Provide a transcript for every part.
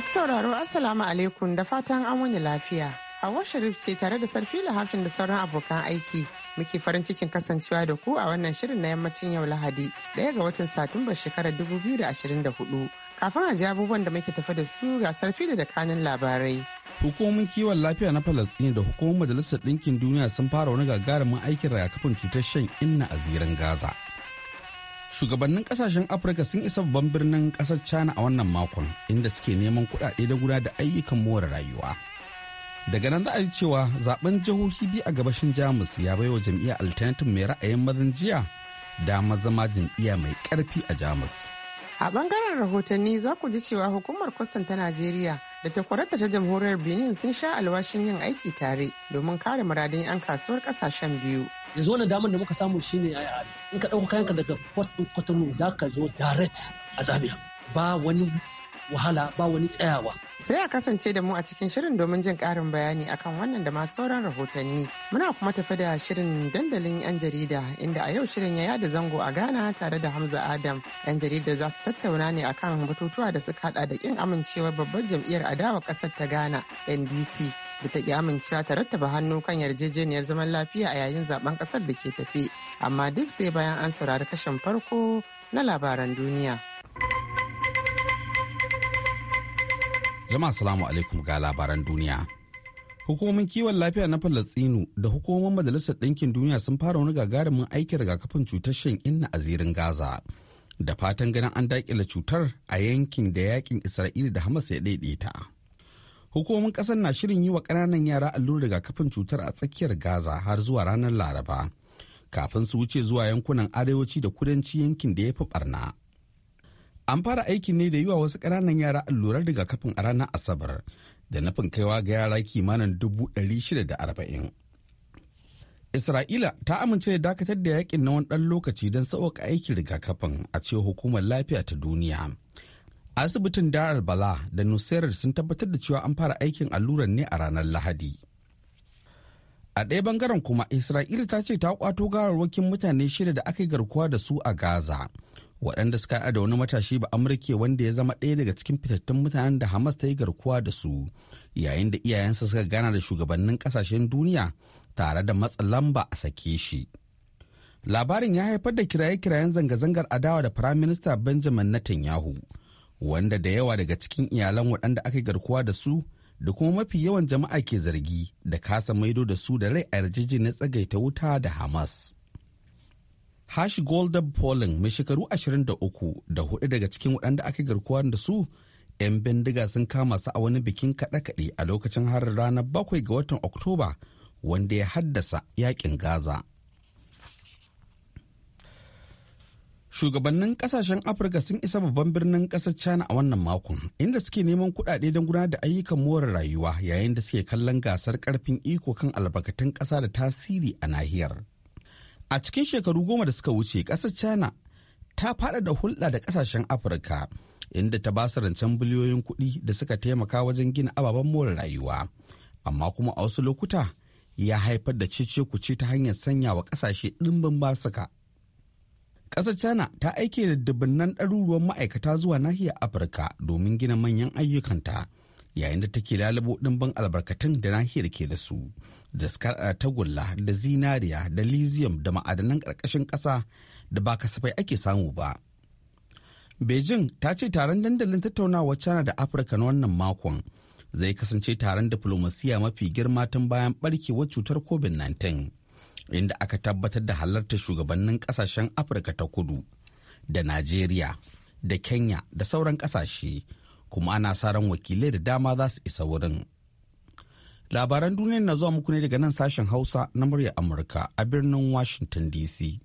Masu sauraro Assalamu alaikum da fatan an wani lafiya. a Sharif ce tare da Sarfi Lahafin da sauran abokan aiki muke farin cikin kasancewa da ku a wannan shirin na yammacin yau Lahadi daya ga watan Satumba shekarar dubu biyu da da ashirin hudu, Kafin a ji abubuwan da muke tafi da su ga Sarfi da kanin labarai. Hukumomin kiwon lafiya na falastini da hukumomin Majalisar Ɗinkin Duniya sun fara wani gagarumin aikin rigakafin cutar shan inna a ziran Gaza shugabannin kasashen afirka sun isa babban birnin kasar china a wannan makon inda suke neman kudade da guda da ayyukan more rayuwa daga nan za a ji cewa zaben jihohi biyu a gabashin jamus ya baiwa jam'iyyar alternative mai ra'ayin mazan jiya dama zama jam'iyya mai karfi a jamus a bangaren rahotanni za ku ji cewa hukumar kwastan ta najeriya da ta kwararta ta jamhuriyar benin sun sha alwashin yin aiki tare domin kare muradin 'yan kasuwar kasashen biyu yanzu wannan damar da muka samu shine a in ka ɗauka kayanka daga port za ka zo direct a zabiya ba wani wahala ba wani tsayawa. Sai a kasance da mu a cikin shirin domin jin ƙarin bayani akan wannan da masu sauran rahotanni. Muna kuma tafi da shirin dandalin 'yan jarida inda a yau shirin ya yada zango a Ghana tare da Hamza Adam. 'Yan jarida za su tattauna ne akan batutuwa da suka hada da kin amincewar babbar jam'iyyar adawa ƙasar ta Ghana NDC da ta ki amincewa ta rattaba hannu kan yarjejeniyar zaman lafiya a yayin zaben ƙasar da ke tafe. Amma duk sai bayan an saurari kashin farko na labaran duniya. Jama'a salamu alaikum ga labaran duniya. Hukumomin kiwon lafiya na Falastinu da hukumomin Majalisar Ɗinkin Duniya sun fara wani gagarumin aikin rigakafin cutar shan inna a zirin Gaza. Da fatan ganin an daƙile cutar a yankin da yakin Isra'ila da Hamas ya daidaita. Hukumomin ƙasar na shirin yi wa ƙananan yara allurar rigakafin cutar a tsakiyar Gaza har zuwa ranar Laraba. Kafin su wuce zuwa yankunan arewaci da kudanci yankin da ya fi barna. An fara aikin ne da yi wa wasu ƙananan yara allurar rigakafin a ranar Asabar da nufin kaiwa ga yara kimanin dubu ɗari shida da arba'in. Isra'ila ta amince da dakatar da yakin na wani ɗan lokaci don sauƙaƙa aikin rigakafin a ce hukumar lafiya ta duniya. Asibitin Dar Bala da Nusairar sun tabbatar da cewa an fara aikin allurar ne a ranar Lahadi. A ɗaya bangaren kuma Isra'ila ta ce ta kwato gawarwakin mutane shida da aka yi garkuwa da su a Gaza waɗanda suka haɗa da wani matashi ba amurke wanda ya zama ɗaya daga cikin fitattun mutanen da hamas ta yi garkuwa da su yayin da iyayensa suka gana da shugabannin ƙasashen duniya tare da matsa lamba a sake shi labarin ya haifar da kiraye-kirayen zanga-zangar adawa da firaminista benjamin netanyahu wanda da yawa daga cikin iyalan waɗanda aka garkuwa da su da kuma mafi yawan jama'a ke zargi da kasa maido da su da rai a yarjejeniyar tsagaita wuta da hamas Hash Golden Polling mai shekaru 23 da hudu daga cikin waɗanda aka garkuwa da su 'yan bindiga sun kama su a wani bikin kaɗe-kaɗe a lokacin har ranar bakwai ga watan Oktoba wanda ya haddasa yakin Gaza. Shugabannin kasashen Afirka sun isa babban birnin ƙasar China a wannan makon, inda suke neman kuɗaɗe don gudanar da ayyukan more rayuwa yayin da suke kallon gasar ƙarfin iko kan albarkatun ƙasa da tasiri a nahiyar. A cikin shekaru goma da suka wuce ƙasar China ta faɗa da hulɗa da ƙasashen Afirka inda ta ba su rancen biliyoyin kuɗi da suka taimaka wajen gina ababen more rayuwa. Amma kuma a wasu lokuta ya haifar da cece-kuce ta hanyar sanya wa ƙasashe ɗimbin basuka. Ƙasar China ta aike da dubunnan ɗaruruwan ma'aikata zuwa nahiyar Afirka domin gina manyan ayyukanta. yayin da take lalubo ɗimbin albarkatun da nahiyar ke da su da skara eh, tagulla da zinariya da lithium da ma'adanan ƙarƙashin ƙasa da ba kasafai ake samu ba beijing ta ce taron dandalin tattaunawa china da afirka na wannan makon zai kasance taron diflomasiya mafi girma tun bayan barkewar cutar covid-19 inda aka tabbatar da halartar shugabannin kasashen afirka ta kudu da najeriya da kenya da sauran kasashe kuma ana sa ran wakilai da dama za su isa wurin. Labaran duniyar na zuwa muku ne daga nan sashen Hausa na muryar Amurka a birnin Washington DC.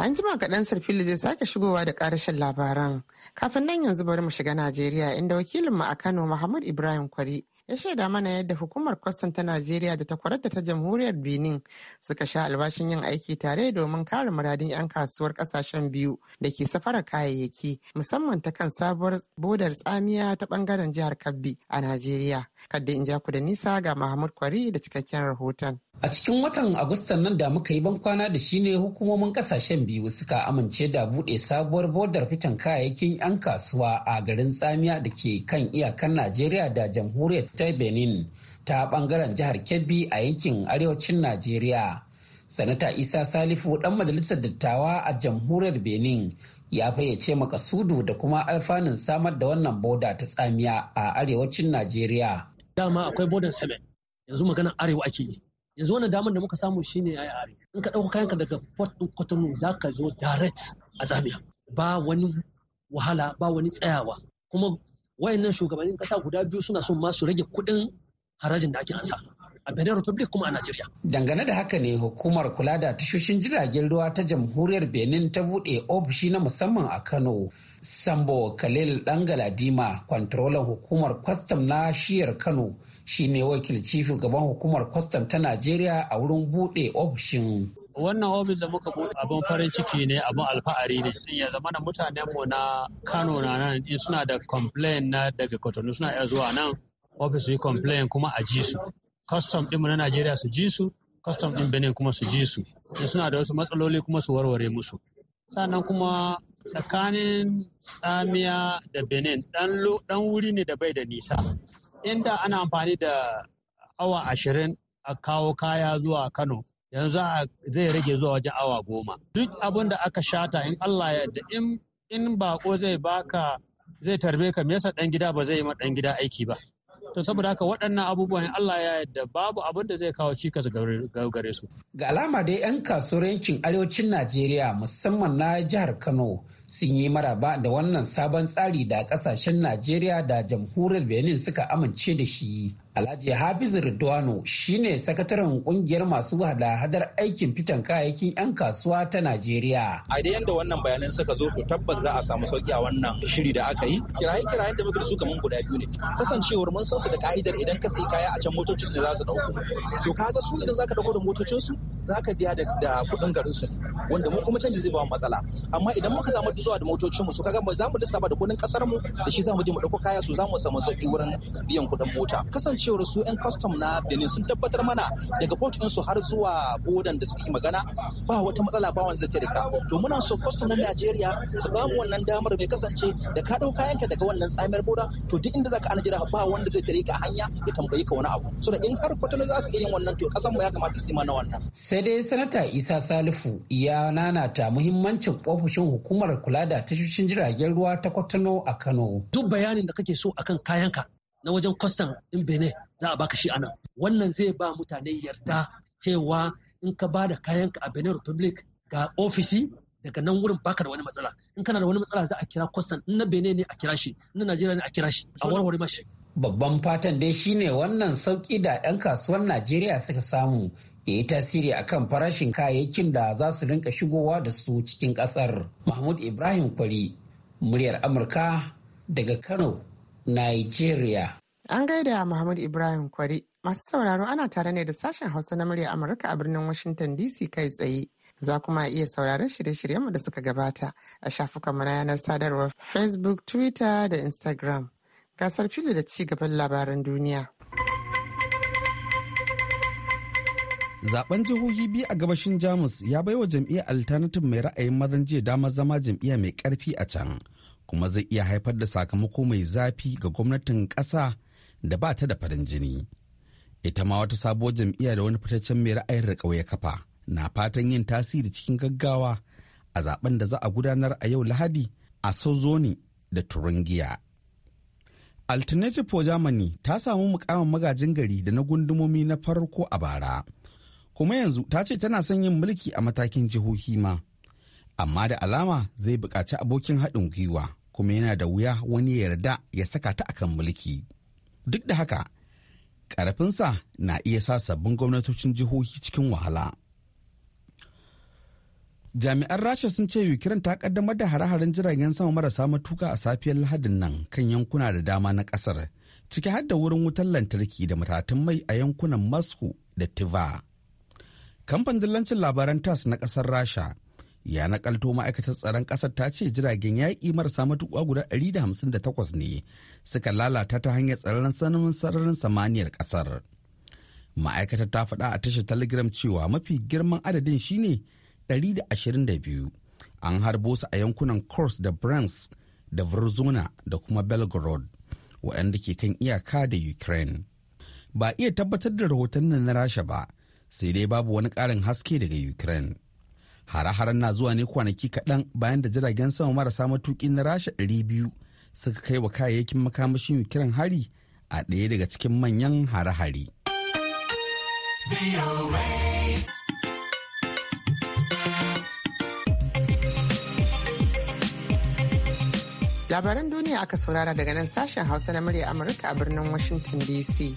An jima kaɗan sarfili zai sake shigowa da ƙarshen labaran. Kafin nan yanzu bari mu shiga Najeriya inda wakilinmu a Kano Muhammad Ibrahim Kwari ya shaida mana yadda hukumar kwastan ta Najeriya da ta kwararta ta jamhuriyar Benin suka sha albashin yin aiki tare domin kare muradin 'yan kasuwar kasashen biyu da ke safarar kayayyaki musamman ta kan sabuwar bodar tsamiya ta bangaren jihar Kabbi a Najeriya. Kadda in ja ku da nisa ga Mahmud Kwari da cikakken rahoton. A cikin watan Agustan nan da muka yi bankwana da shi ne hukumomin kasashen biyu suka amince da buɗe sabuwar bodar fitan kayayyakin 'yan kasuwa a garin Tsamiya da ke kan iyakar Najeriya da jamhuriyar ta Benin ta bangaren jihar Kebbi a yankin arewacin Najeriya. Sanata Isa Salifu ɗan majalisar dattawa a jamhuriyar Benin ya fayyace makasudu da kuma alfanun samar da wannan boda ta tsamiya a arewacin Najeriya. Dama akwai Bodar semen yanzu maganar arewa ake yi. yanzu wannan damar da muka samu shine IRA in ka ɗauko kayanka daga port ɗin Cotonou za ka zo direct a Zambia ba wani wahala ba wani tsayawa kuma wayannan shugabannin ƙasa guda biyu suna son masu rage kuɗin harajin da ake ansa a Benin Republic kuma a Najeriya. Dangane da haka ne hukumar kula da tashoshin jiragen ruwa ta jamhuriyar Benin ta buɗe ofishi na musamman a Kano. Sambo Khalil Dangaladima, kwantarolan hukumar kwastam na shiyar Kano, shi ne wakilci gaban hukumar kwastam ta Najeriya a wurin buɗe ofishin. wannan ofis da muka bude abin farin ciki ne abin alfahari ne ya zama da mutanen mu na Kano na nan in suna da complain na daga Kotonu suna iya zuwa nan ofis yi complain kuma a ji su Kwastam din mu na Najeriya su ji su kwastam din Benin kuma su ji su in suna da wasu matsaloli kuma su warware musu sannan kuma tsakanin tsamiya da Benin ɗan wuri ne da bai da nisa inda ana amfani da awa ashirin a kawo kaya zuwa Kano yanzu zai rage zuwa wajen awa goma. Duk abin da aka shata in Allah ya da in bako zai baka zai tarbe ka me yasa dan gida ba zai yi ma dan gida aiki ba. To saboda haka waɗannan abubuwan in Allah ya yadda babu abin da zai kawo cikas gare su. Ga alama dai 'yan kasuwar yankin arewacin Najeriya musamman na jihar Kano sun yi maraba da wannan sabon tsari da kasashen najeriya da jamhuriyar benin suka amince da shi Alhaji Hafiz Ridwano shine sakataren kungiyar masu hada-hadar aikin fitan kayayyakin 'yan kasuwa ta Najeriya. A da yanda wannan bayanan suka zo ku tabbas za a samu sauki a wannan shiri da aka yi. Kiraye kirayen da muka su kaman guda biyu ne. Kasancewar mun san su da ka'idar idan ka sai kaya a can motocin da za su dauko. So ka ga su idan zaka dauko da motocin su zaka biya da kuɗin garin su wanda mu kuma canji zai ba matsala. Amma idan muka samu zuwa da motocin mu so kaga za mu lissafa da kuɗin kasar mu da shi za mu je mu dauko kaya su za mu samu sauki wurin biyan kuɗin mota. cewar su 'yan kwastam na benin sun tabbatar mana daga su har zuwa bodan da suke magana ba wata matsala ba wanda zai rika to muna so kwastom na najeriya su ba mu wannan damar mai kasance da ka ɗau kayanka daga wannan tsamiyar boda to duk inda za ka ana jira ba wanda zai tare ka hanya ya tambayi ka wani abu so da in har kwatano za su iya yin wannan to kasan mu ya kamata su ma na wannan sai dai sanata isa salifu ya nanata muhimmancin ofishin hukumar kula da tashoshin jiragen ruwa ta kwatano a kano duk bayanin da kake so akan kayanka na wajen kwastan in bene za a baka shi anan wannan zai ba mutane yarda cewa in ka ba da kayanka a benin republic ga ofisi daga nan wurin baka da wani matsala in kana da wani matsala za a kira kwastan in na bene ne a kira shi na najeriya ne a kira shi a warware mashi babban fatan dai shine wannan sauki da 'yan kasuwar najeriya suka samu ya yi tasiri akan farashin kayayyakin da za su rinka shigowa da su cikin ƙasar. mahmud ibrahim kwari muryar amurka daga kano Nigeria. An gaida Muhammad Ibrahim Kwari. Masu sauraro ana tare ne da sashen Hausa na murya Amurka a birnin Washington DC kai tsaye. Za kuma iya sauraron shirye-shiryenmu da suka gabata a shafukanmu na yanar sadarwar Facebook, Twitter da Instagram. Gasar fili da ci gaban labaran duniya. Zaben jihohi biyu a gabashin Jamus ya baiwa jam'iyyar Alternative mai ra'ayin mazan jiya damar zama jam'iyya mai karfi a can. kuma zai iya haifar da sakamako mai zafi ga gwamnatin ƙasa da ba ta da farin jini. Ita ma wata sabuwar jam'iyya da wani fitaccen mai ra'ayin da ƙauye kafa na fatan yin tasiri cikin gaggawa a zaben da za a gudanar a yau Lahadi a Sozoni da Turingiya. Alternative for Germany ta samu mukamin magajin gari da na gundumomi na farko a bara. Kuma yanzu ta ce tana son yin mulki a matakin jihohi ma. amma da alama zai buƙaci abokin haɗin gwiwa kuma yana da wuya wani ya yarda ya saka ta akan mulki duk da haka ƙarfinsa na iya sa sabbin gwamnatocin jihohi cikin wahala jami'an rasha sun ce ukraine ta kaddamar da hare-haren jiragen sama marasa matuka a safiyar lahadin nan kan yankuna da dama na kasar ciki har da wurin wutar lantarki da matatun mai a yankunan moscow da tiva kamfanin dillancin labaran tas na kasar rasha ya nakalto ma'aikatar tsaron ƙasar ta ce jiragen yaƙi marasa matuƙa guda 158 ne suka lalata ta hanyar tsaron sanamin sararin samaniyar ƙasar ma'aikatar ta faɗa a tashar telegram cewa mafi girman adadin shine 122 an harbo su a yankunan kors da brans da verzona da kuma belgorod waɗanda ke kan iyaka da ukraine ba iya tabbatar da rahoton nan na rasha ba sai dai babu wani ƙarin haske daga ukraine Hare-haren na zuwa ne kwanaki kaɗan bayan da jiragen sama marasa matuƙi na rasha ɗari biyu suka kai wa kayayyakin makamashin kiran hari a ɗaya daga cikin manyan hare-hare. Labaran duniya aka saurara daga nan sashen Hausa na murya Amurka a birnin Washington DC.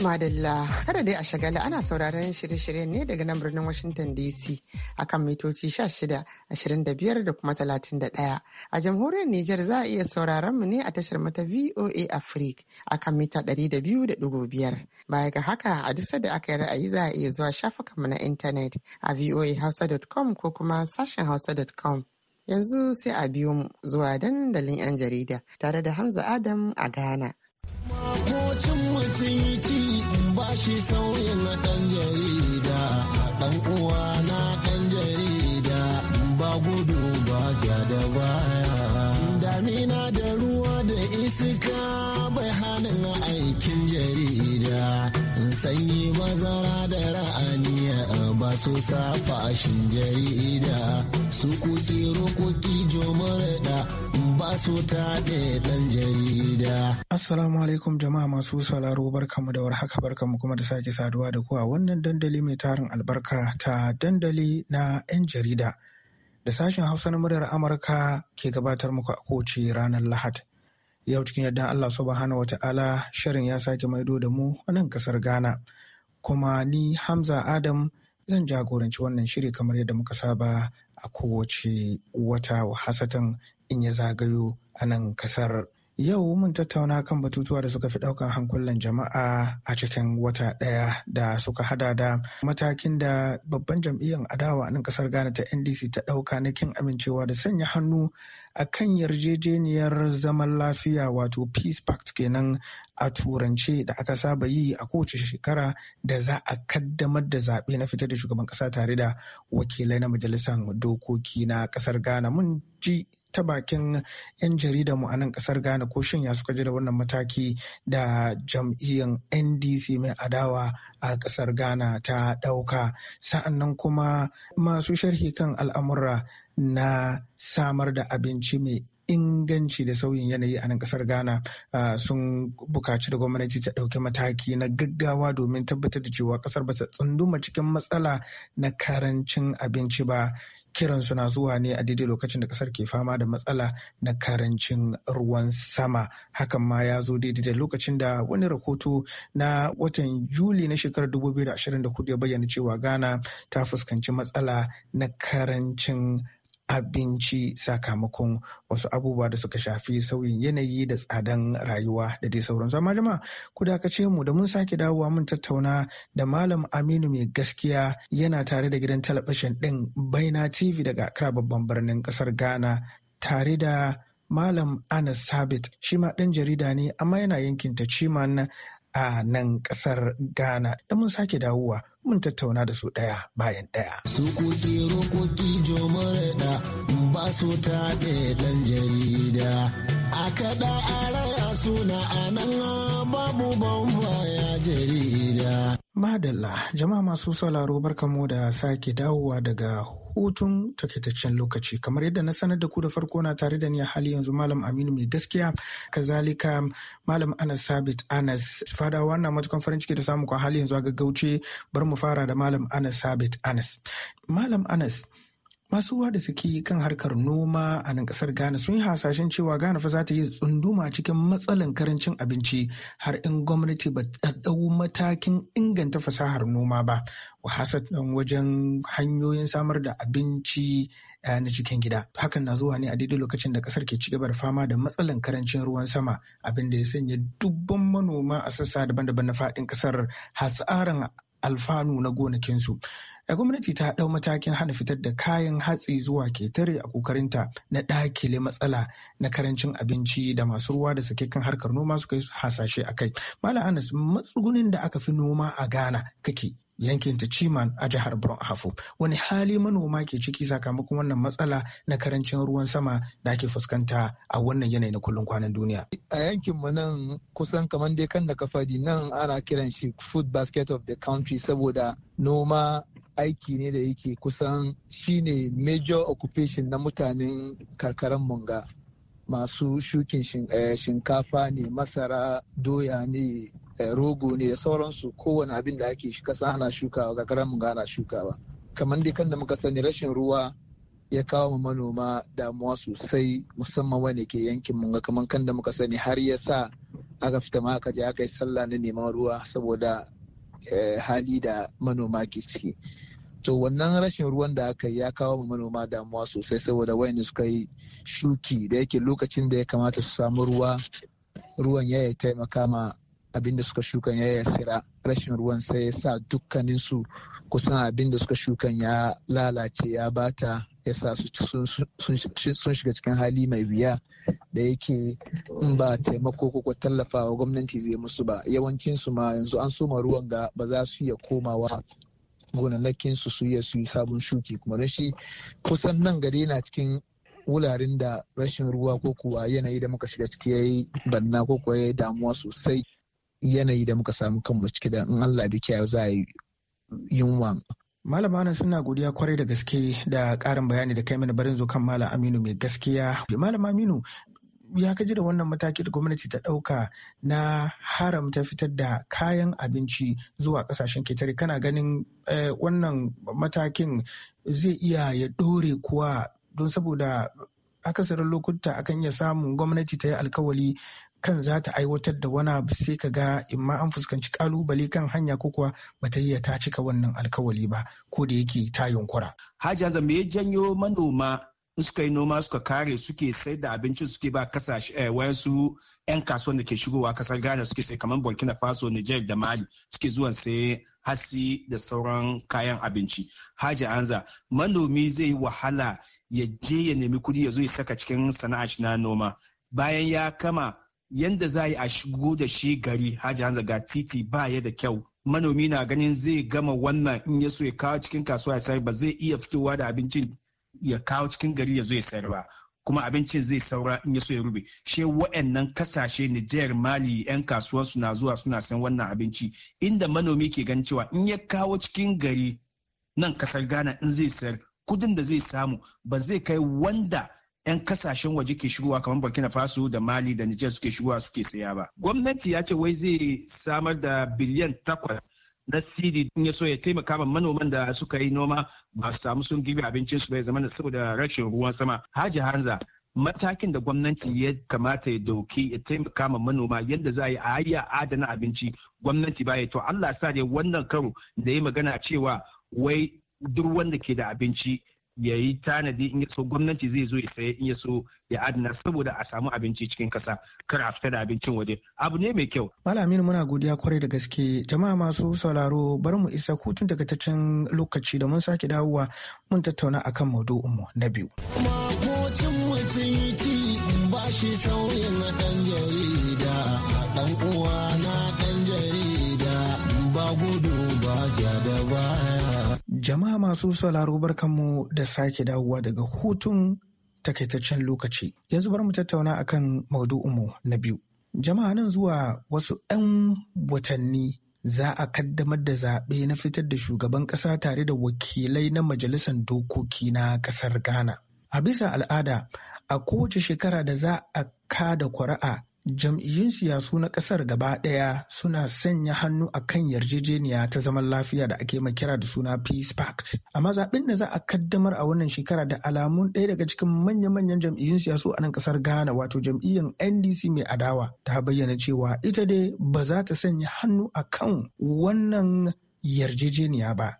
madalla kada dai a shagala ana sauraron shirye-shiryen ne daga nan birnin Washington DC a kan mitoci 16, 25 da kuma 31. A jamhuriyar Nijar za a iya sauraron mu ne a tashar mata VOA Africa kan mita 200.5. Baya ga haka a duk da aka yi ra'ayi za a iya zuwa shafukanmu na intanet a voahausa.com ko kuma sashen hausa.com. Yanzu sai a biyo zuwa dandalin 'yan jarida tare da Hamza Adam a Ghana. sun yi ci in ba shi sauyin a ɗan jarida ɗan uwa na ɗan jarida ba gudu ba ja da baya damina da ruwa da iska bai hannun aikin jarida sanyi mazara da ra'aniya ba su safa jarida su kuki rukuki jomar da ba su ta ɗan jarida. Assalamu alaikum jama'a masu sauraro barkamu da warhaka barkamu kuma da sake saduwa da a wannan dandali mai tarin albarka ta dandali na 'yan jarida. Da sashen Hausa na muryar Amurka ke gabatar muku a koce ranar Lahad. Yau cikin yadda Allah subhanahu wata'ala shirin ya sake maido da mu a nan kasar Ghana. Kuma ni Hamza Adam zan jagoranci wannan shiri kamar yadda muka saba a kowace wata hasatan in ya zagayo a nan kasar Yau mun tattauna kan batutuwa da suka fi ɗaukar hankulan jama'a a cikin wata ɗaya da suka hada da matakin da babban jam'iyyar adawa a nan kasar Ghana ta NDC ta ɗauka na kin amincewa da sanya hannu a kan yarjejeniyar zaman lafiya wato Peace Pact kenan a turance da aka saba yi a kowace shekara da za a kaddamar da zaɓe na fitar da shugaban ƙasa tare da wakilai na majalisar dokoki na ƙasar Ghana mun ji ta bakin 'yan jarida mu a nan kasar Ghana ko shin ya suka ji da wannan mataki da jam'iyyar NDC mai adawa a kasar Ghana ta ɗauka. Sa'annan kuma masu sharhi kan al'amura na samar da abinci mai inganci da sauyin yanayi a nan kasar ghana sun bukaci da gwamnati ta ɗauki mataki na gaggawa domin tabbatar da cewa kasar ba ta tsunduma cikin matsala na karancin abinci ba kiran suna zuwa ne a daidai lokacin da kasar ke fama da matsala na karancin ruwan sama hakan ma ya zo daidai da lokacin da wani rahoto na watan juli na shekarar 2024 ya bayyana cewa ghana ta fuskanci matsala na karancin abinci sakamakon wasu abubuwa da suka shafi sauyin yanayi da tsadan rayuwa da dai sauran zama jama'a ku dakace mu da mun sake dawowa mun tattauna da malam aminu mai gaskiya yana tare da gidan talabishin din baina tv daga Accra babban birnin kasar ghana tare da malam anas sabit shi ma ɗan jarida ne amma yana yankin cimana. a nan kasar ghana da mun sake dawowa mun tattauna da su ɗaya bayan ɗaya. Sukuki rokoki jomaraɗa ba su ta ɗan jarida. A kaɗa a raya suna a nan babu bamba ya jarida. Madalla, jama'a masu sauraro barkamu da sake dawowa daga hutun takaitaccen lokaci. Kamar yadda na sanar da ku da farko na tare da ni a hali yanzu Malam Aminu mai gaskiya, kazalika Malam Anas Sabit Anas. Fada wannan matukan farin ciki da samu ku hali yanzu a gaggauce bar mu fara da Malam Anas Sabit Anas. Malam Anas, masu ruwa da suke kan harkar noma a nan kasar ghana sun yi hasashen cewa ghana fa za ta yi tsunduma cikin matsalan karancin abinci har in gwamnati ba ta ɗau matakin inganta fasahar noma ba wahasatan wajen hanyoyin samar da abinci eh, na cikin gida hakan na zuwa ne a daidai lokacin da kasar ke ci gaba da fama da matsalan karancin ruwan sama abin da ya sanya dubban manoma a sassa daban-daban na faɗin kasar hasaran alfanu na gonakinsu. ya eh, gwamnati ta ɗau matakin hana fitar da kayan hatsi zuwa ketare a kokarinta na ɗakile matsala na karancin abinci da masu ruwa da sake kan harkar noma suka yi hasashe a kai. Malam Anas matsugunin da aka fi noma a Ghana kake. yankin Tachiman a jihar Borno Ahafo. Wani hali manoma ke ciki sakamakon wannan matsala na karancin ruwan sama da ake fuskanta a wannan yanayi na kullum kwanan duniya. A yankin mu nan kusan kamar dai kan da ka fadi nan ana kiran shi food basket of the country saboda noma aiki ne da yake kusan shine major occupation na mutanen karkaran munga masu shukin eh, shinkafa ne masara doya ne eh, rogo ne sauransu kowane abin da ake kasa ana shukawa ga karamin gana shukawa kamar dai kan da muka sani rashin ruwa ya kawo mu manoma damuwa sosai musamman wani ke yankin mun ga kamar kan da muka sani har ya sa aka fita ma aka je aka yi sallah na neman ruwa saboda eh, hali da manoma ke ciki to wannan rashin ruwan da aka yi ya kawo ma manoma damuwa sosai saboda wayanda suka yi shuki da yake lokacin da ya kamata su samu ruwa ruwan ya taimaka ma abin da suka shukan ya sira rashin ruwan sai ya sa dukkanin su kusan abin da suka shukan ya lalace ya bata ya sa sun shiga cikin hali mai wuya da yake in ba taimako ko tallafawa gwamnati zai musu ba yawancin su ma yanzu an soma ruwan ga ba za su iya komawa gonannakin su su iya yi sabon shuki kuma da shi kusan nan gari yana cikin wularin da rashin ruwa ko kuwa yanayi da muka shiga ciki ya yi banna ko kuwa ya yi damuwa sosai yanayi da muka samu kanmu ciki da in Allah bi kiyaye za a yi yunwa. Malama nan suna godiya kwarai da gaske da karin bayani da kai mana barin zo kan Malam Aminu mai gaskiya. Malam Aminu ya kaji da wannan mataki da gwamnati ta ɗauka na haramta fitar da kayan abinci zuwa ƙasashen ketare kana ganin eh, wannan matakin zai iya ya ɗore kuwa don saboda akasarin lokuta akan iya samun gwamnati ta yi alkawali kan za ta aiwatar da wani sai ka ga imma an fuskanci kalubale kan hanya ko kuwa bata yi ta cika wannan alkawali ba ko da yake ta yunkura. Hajji Azam ya janyo manoma suka yi noma suka kare suke sai da abinci suke ba kasashe eh, su yan kasuwan da ke shigowa kasar Ghana suke sai kamar Burkina Faso, Niger da Mali suke zuwan sai hasi da sauran kayan abinci. Haji Anza manomi zai wahala ya je ya nemi kudi ya zo ya saka cikin sana'a shi na noma. Bayan ya kama yanda za yi a shigo da shi gari Haji Anza ga titi ba ya da kyau manomi na ganin zai gama wannan in ya so ya kawo cikin kasuwa ya sai ba zai iya fitowa da abincin ya kawo cikin gari ya zo ya sayar ba kuma abincin zai saura in ya so ya rube she wa'annan kasashe Nijar Mali yan su na zuwa suna san wannan abinci inda manomi ke ganin cewa in ya kawo cikin gari nan kasar Ghana in zai sayar kudin da zai samu ba zai kai wanda 'yan kasashen waje ke shigowa kamar burkina faso da mali da nijar suke shigowa suke saya ba gwamnati ya ce wai zai samar da biliyan takwas na sidi in ya so ya taimaka ma manoman da suka yi noma ba su samu sun gibi abincin su bai zama da saboda rashin ruwan sama haji hanza matakin da gwamnati ya kamata ya dauki ya taimaka ma manoma yadda za a yi a hayya adana abinci gwamnati baya to Allah sa ne wannan karo da ya magana cewa wai duk wanda ke da abinci ya yi tanadi in yaso gwamnati zai zo ya saye in yaso ya adana saboda a samu abinci cikin kasa kar a fita da abincin waje abu ne mai kyau malamin muna godiya kwarai da gaske jama'a masu sauraro bar mu isa hutun daga can lokaci da mun sake dawowa mun tattauna akan maudu'in mu na biyu makocin mutum yi ci ba shi sauyin na dan jarida ɗan uwa na ɗan jarida ba gudu ba ja da Jama'a masu sauraro barkanmu da sake dawowa daga hutun takaitaccen lokaci. Yanzu bar mu tattauna akan maudu'inmu na biyu. Jama'a nan zuwa wasu 'yan watanni za a kaddamar da zaɓe na fitar da shugaban ƙasa tare da wakilai na majalisar dokoki na ƙasar Ghana. A bisa al'ada, a kowace shekara da za a kada kwara'a jam'iyyun siyasu na kasar gaba ɗaya suna sanya hannu a kan yarjejeniya ta zaman lafiya da ake makira da suna peace pact amma zaɓin da za a kaddamar a wannan shekara da alamun ɗaya daga cikin manya-manyan jam'iyyun siyasu a nan kasar ghana wato jam'iyyar ndc mai adawa ta bayyana cewa ita dai ba za ta sanya hannu a kan wannan yarjejeniya ba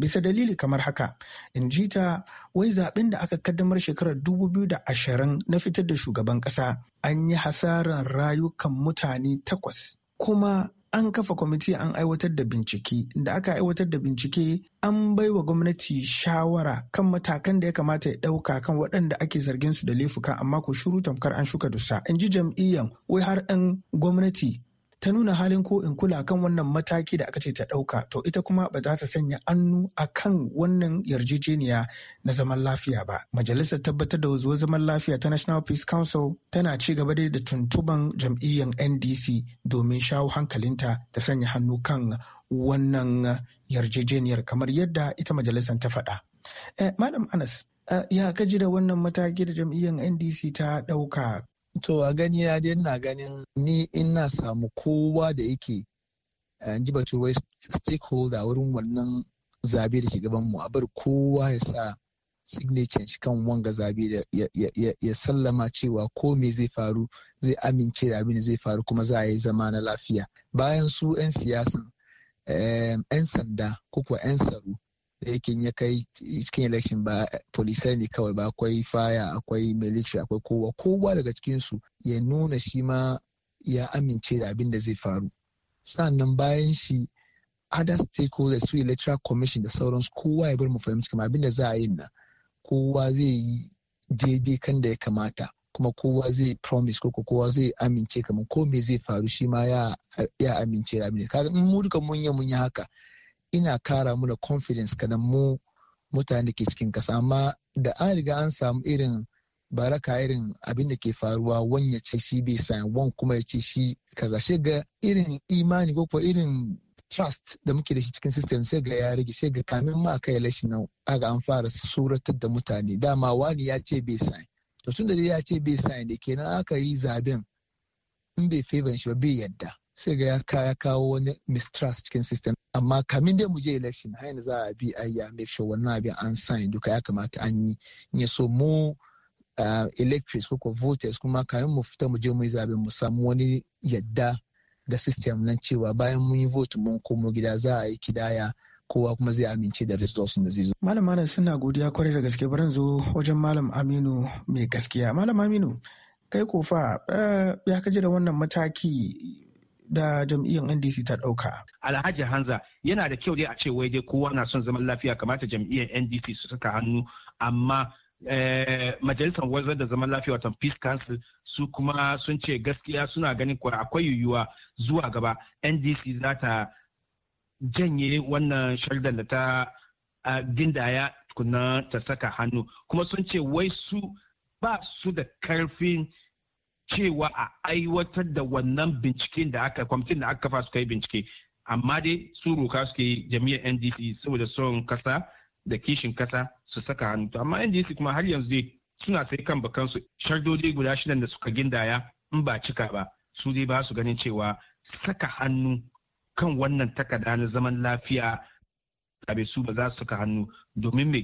bisa dalili kamar haka in ji ta wai zaɓen da aka kaddamar shekarar 2020 na fitar da shugaban ƙasa an yi hasarar rayukan mutane takwas kuma an kafa kwamiti an aiwatar da bincike da aka aiwatar da bincike an bai wa gwamnati shawara kan matakan da ya kamata ya ɗauka kan waɗanda ake zargin su da laifuka amma ko shuru tamkar an shuka dusa in ji jam'iyyan wai har 'yan gwamnati ta nuna halin ko in kula kan wannan mataki da aka ce ta ɗauka to ita kuma ba za ta sanya annu a kan wannan yarjejeniya na zaman lafiya ba majalisar tabbatar da wazuwar zaman lafiya ta national peace council tana ci gaba dai da tuntuban jam'iyyar ndc domin shawo hankalinta ta sanya hannu kan wannan yarjejeniyar kamar yadda ita majalisar ta faɗa eh, malam anas Uh, ya kaji da wannan mataki da jam'iyyar ndc ta ɗauka to a gani ya dai ina ganin ni ina samu kowa da yake eh, ji baturai stakeholder wurin wannan zabe da ke gaban mu a bar kowa ya sa signature shi kan wanga zabe da ya sallama cewa ko me zai faru zai amince da abin zai faru kuma za a yi zama na lafiya bayan su 'yan siyasa eh, 'yan sanda ko kuwa 'yan tsaro da eh, yake ya kai cikin election ba polisai ne kawai ba akwai faya akwai military akwai kowa kowa daga cikinsu ya nuna shi ma ya amince da abin da zai faru sannan bayan shi other stakeholders su electoral commission da sauransu kowa ya bar mu fahimci kamar abin da za a yi na kowa zai yi daidai kan da ya kamata kuma kowa zai promise ko kowa zai amince kamar ko me zai faru shi ma ya amince da abin da kaga in mu duka mun yi mun yi haka ina kara mu da confidence kadan mu mutane da ke cikin kasa amma da an riga an samu irin baraka irin abin da ke faruwa wani ya ce shi bai san wan kuma ya ce shi kaza shi ga irin imani ko irin trust da muke da shi cikin system sai ga ya rage sai ga kamin ma kai lashi nan aga an fara suratar da mutane dama wani ya ce bai san to tun da ya ce bai san da kenan aka yi zaben in bai favor shi ba bai yadda sai ga ya kawo wani mistrust cikin system amma kamin dai mu je election har za a bi a ya make sure wannan abin an sign duka ya kamata an yi ya so mu electors ko voters kuma kamin mu fita mu je mu yi zabe mu samu wani yadda ga system nan cewa bayan mun yi vote mun komo gida za a yi kidaya kowa kuma zai amince da results da zai zo. Malam Malam suna godiya kwarai da gaske barin zo wajen Malam Aminu mai gaskiya. Malam Aminu kai kofa eh, ya kaji da wannan mataki da jam'iyyar NDC ta ɗauka. Alhaji Hanza yana da kyau dai a ce wai dai kowa na son zaman lafiya kamata jam'iyyar NDC su saka hannu amma eh, majalisar wanzar da zaman lafiya watan peace council su kuma sun ce gaskiya suna ganin akwai yiwuwa zuwa gaba NDC za ta janye wannan shaidar da ta gindaya kuna ta saka hannu kuma sun ce wai su ba su da karfin cewa a aiwatar da wannan binciken da aka kwamitin da aka kafa kai bincike amma dai su roka suke yi jami'ar ndc saboda son kasa da kishin kasa su saka hannu amma ndc kuma har yanzu dai suna sai kan bakansu shardodi guda shidan da suka gindaya in ba cika ba su dai ba su ganin cewa saka hannu kan wannan takarda na zaman lafiya abe su ba za su saka hannu domin me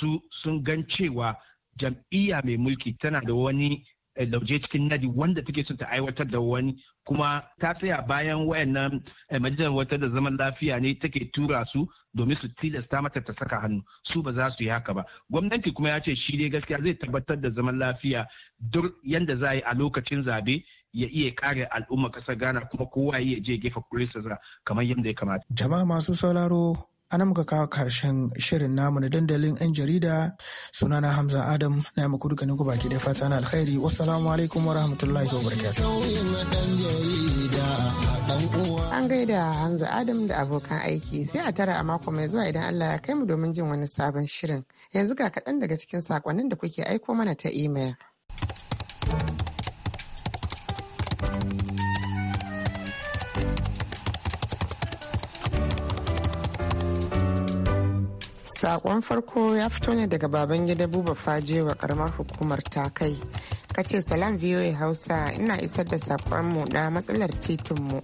su sun gan cewa jam'iyya mai mulki tana da wani lauje cikin nadi wanda take son ta aiwatar da wani kuma ta tsaya bayan wayannan eh, majalisar wata da zaman lafiya ne take tura su domin su tilasta mata ta saka hannu su ba za su yi haka ba gwamnati kuma ya ce shi ne gaskiya zai tabbatar da zaman lafiya duk yanda za a yi a lokacin zabe ya iya kare al'umma kasar ghana kuma kowa ya je gefe kurisa kamar yadda ya kamata jama'a masu sauraro ana muka kawo karshen shirin namu na dandalin 'yan jarida sunana hamza adam na muku dukkanin ku baki da fata na alkhairi wassalamu alaikum wa rahmatullahi wa an gaida hamza adam da abokan aiki sai a tara a mako mai zuwa idan allah ya kai mu domin jin wani sabon shirin yanzu ga kaɗan daga cikin sakonnin da kuke aiko mana ta imel. Sakon farko ya fito ne daga baban gida buba faje wa karamar hukumar ta kai. Kace salam VOA Hausa ina isar da sakonmu na matsalar titinmu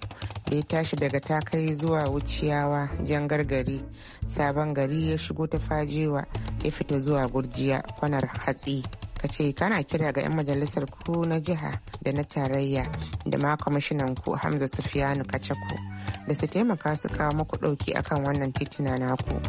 da ya tashi daga ta kai zuwa wuciyawa jan gargari sabon gari ya shigo ta fajewa ya fita zuwa gurjiya kwanar hatsi. ce kana kira ga 'yan majalisar ku na jiha da na tarayya da ma kwamishinan ku hamza sufiyanu kacaku da su taimaka su kawo muku ɗauki akan wannan titina naku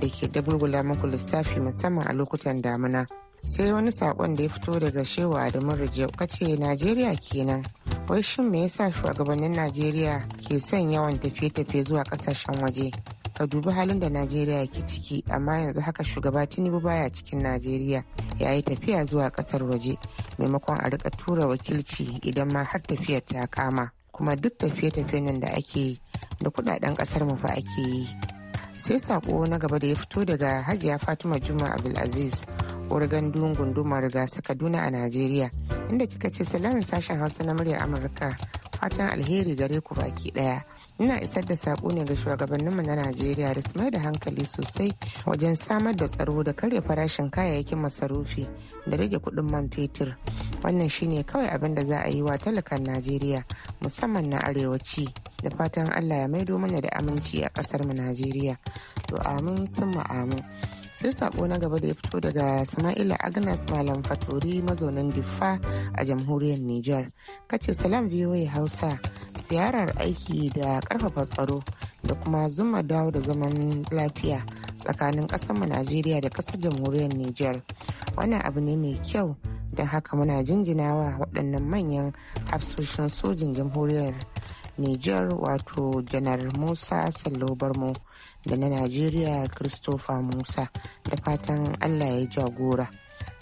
da ke gulgula maku lissafi musamman a lokutan damuna sai wani sakon da ya fito daga shewa adamu ka kace najeriya kenan wai shin me yasa shugabannin najeriya ke son yawan tafiye-tafiye zuwa kasashen waje ka dubi halin da najeriya ke ciki amma yanzu haka shugaba tinubu baya cikin najeriya ya yi tafiya zuwa kasar waje maimakon a rika tura wakilci idan ma har tafiyar ta kama kuma duk tafiye-tafiyen nan da ake yi da kudaden kasar mu fa ake yi sai sako na gaba da ya fito daga hajiya fatima juma abdulaziz oregon dungun dumar gasa kaduna a najeriya inda kika ce salamin sashen hausa na murya amurka fatan alheri gare ku baki daya ina isar da sako ne ga shugabanninmu na najeriya da su mai da hankali sosai wajen samar da tsaro da karya farashin kayayyakin masarufi da rage kudin man fetur wannan shine kawai abin da za a yi wa talakan najeriya musamman na arewaci da fatan allah ya maido mana da aminci a kasar mu najeriya to amin sun amin sai sako na gaba da ya fito daga sama'ila agnes malam fatori mazaunin diffa a jamhuriyar niger kace salam voa hausa ziyarar aiki da karfafa tsaro da kuma zuma dawo da zaman lafiya tsakanin mu najeriya da ƙasar jamhuriyar niger wannan abu ne mai kyau don haka muna jinjinawa waɗannan manyan hafsoshin sojin jamhuriyar Niger wato janar Musa Sallo Barmo da na Najeriya Christopher Musa da fatan Allah ya jagora.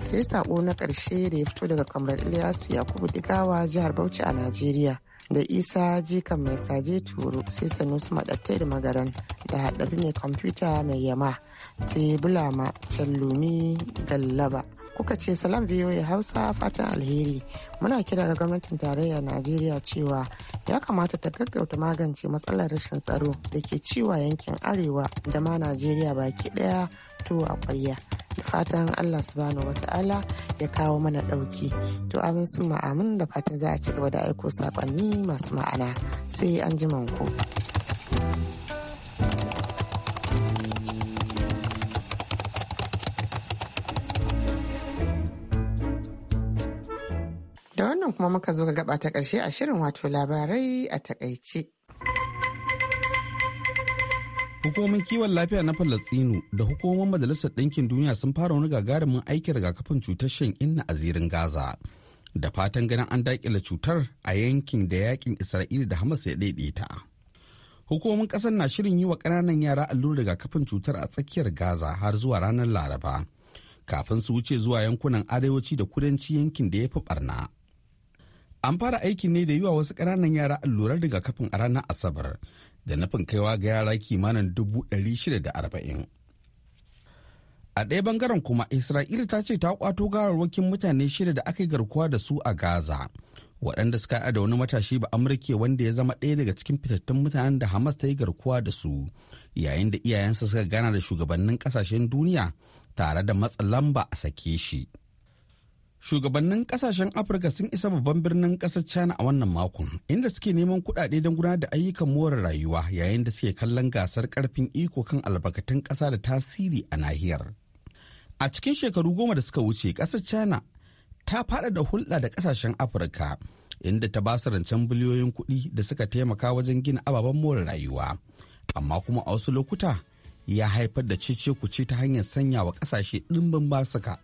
Sai sako na ƙarshe da ya fito daga kamar Ilyasu Yakubu Digawa jihar Bauchi a Najeriya. da isa jikan mai saje turu sai sanusi madattai da magaran da haɗari mai kwamfuta mai yama sai bulama lumi gallaba kuka ce salam ya hausa fatan alheri muna kira ga gwamnatin tarayyar najeriya cewa ya kamata ta gaggauta magance matsalar rashin tsaro da ke ciwa yankin arewa da ma najeriya baki daya to a kwarya da fatan allah subhanahu wata'ala ya kawo mana dauki to abin sun ma'amun da fatan za a ci gaba da aiko sakonni masu ma'ana sai an ji ku. kuma muka zo ga gaba ta ƙarshe a shirin wato labarai a takaice. Hukumomin kiwon lafiya na Falastinu da hukumomin Majalisar Ɗinkin Duniya sun fara wani gagarumin aikin rigakafin cutar shan inna a zirin Gaza. Da fatan ganin an daƙile cutar a yankin da yakin Isra'ila da Hamas ya daidaita. Hukumomin ƙasar na shirin yi wa ƙananan yara allurar rigakafin cutar a tsakiyar Gaza har zuwa ranar Laraba. Kafin su wuce zuwa yankunan arewaci da kudanci yankin da ya fi barna. An fara aikin ne da yi wa wasu ƙananan yara allurar rigakafin a ranar Asabar da nufin kaiwa ga yara kimanin dubu ɗari shida da arba'in. A ɗaya bangaren kuma Isra'ila ta ce ta kwato gawarwakin mutane shida da aka yi garkuwa da su a Gaza. waɗanda suka a da wani matashi ba amurke wanda ya zama ɗaya daga cikin fitattun mutanen da hamas ta yi garkuwa da su yayin da iyayensa suka gana da shugabannin ƙasashen duniya tare da matsa lamba a sake shi shugabannin kasashen afirka sun isa babban birnin kasar china a wannan makon inda suke neman kuɗaɗe don gudanar da ayyukan more rayuwa yayin da suke kallon gasar karfin iko kan albarkatun ƙasa da tasiri a nahiyar a cikin shekaru goma da suka wuce ƙasar china ta faɗa da hulɗa da ƙasashen afirka inda ta ba su rancen biliyoyin kuɗi da suka taimaka wajen gina ababen more rayuwa amma kuma a wasu lokuta ya haifar da cece kuce ta hanyar sanya wa ƙasashe ɗimbin basuka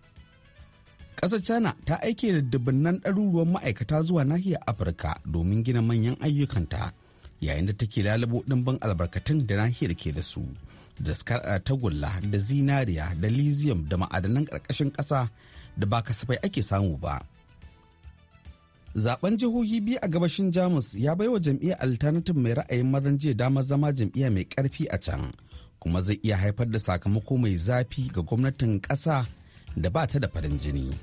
Ƙasar China ta aike da dubunnan ɗaruruwan ma'aikata zuwa nahiyar Afirka domin gina manyan ayyukanta yayin da take lalabo ɗimbin albarkatun da nahiyar ke da su da skara tagulla da zinariya da lithium da ma'adanan ƙarƙashin ƙasa da ba kasafai ake samu ba. Zaben jihohi biyu a gabashin Jamus ya bai wa jam'iyyar Alternative mai ra'ayin mazan jiya damar zama jam'iyya mai ƙarfi a can kuma zai iya haifar da sakamako mai zafi ga gwamnatin ƙasa da ba ta da farin jini.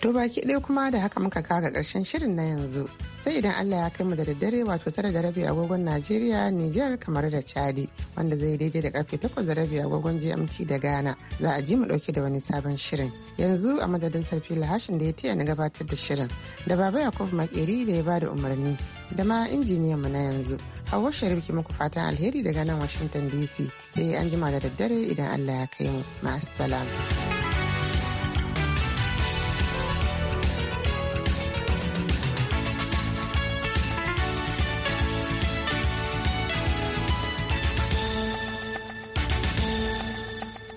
To baki ɗaya kuma da haka muka kaga ƙarshen shirin na yanzu. Sai idan Allah ya kai mu da daddare wato tara da rabi agogon Najeriya, Nijar kamar da Chadi wanda zai daidai da karfe takwas da rabi agogon GMT da Ghana. Za a ji mu ɗauke da wani sabon shirin. Yanzu a madadin sarfi lahashin da ya taya na gabatar da shirin. Da Baba Yakubu Makeri da ya bada umarni. Da ma injiniyan mu na yanzu. Hawa Sharif ki muku fatan alheri daga nan Washington DC. Sai an jima da daddare idan Allah ya kai mu. Ma'assalam.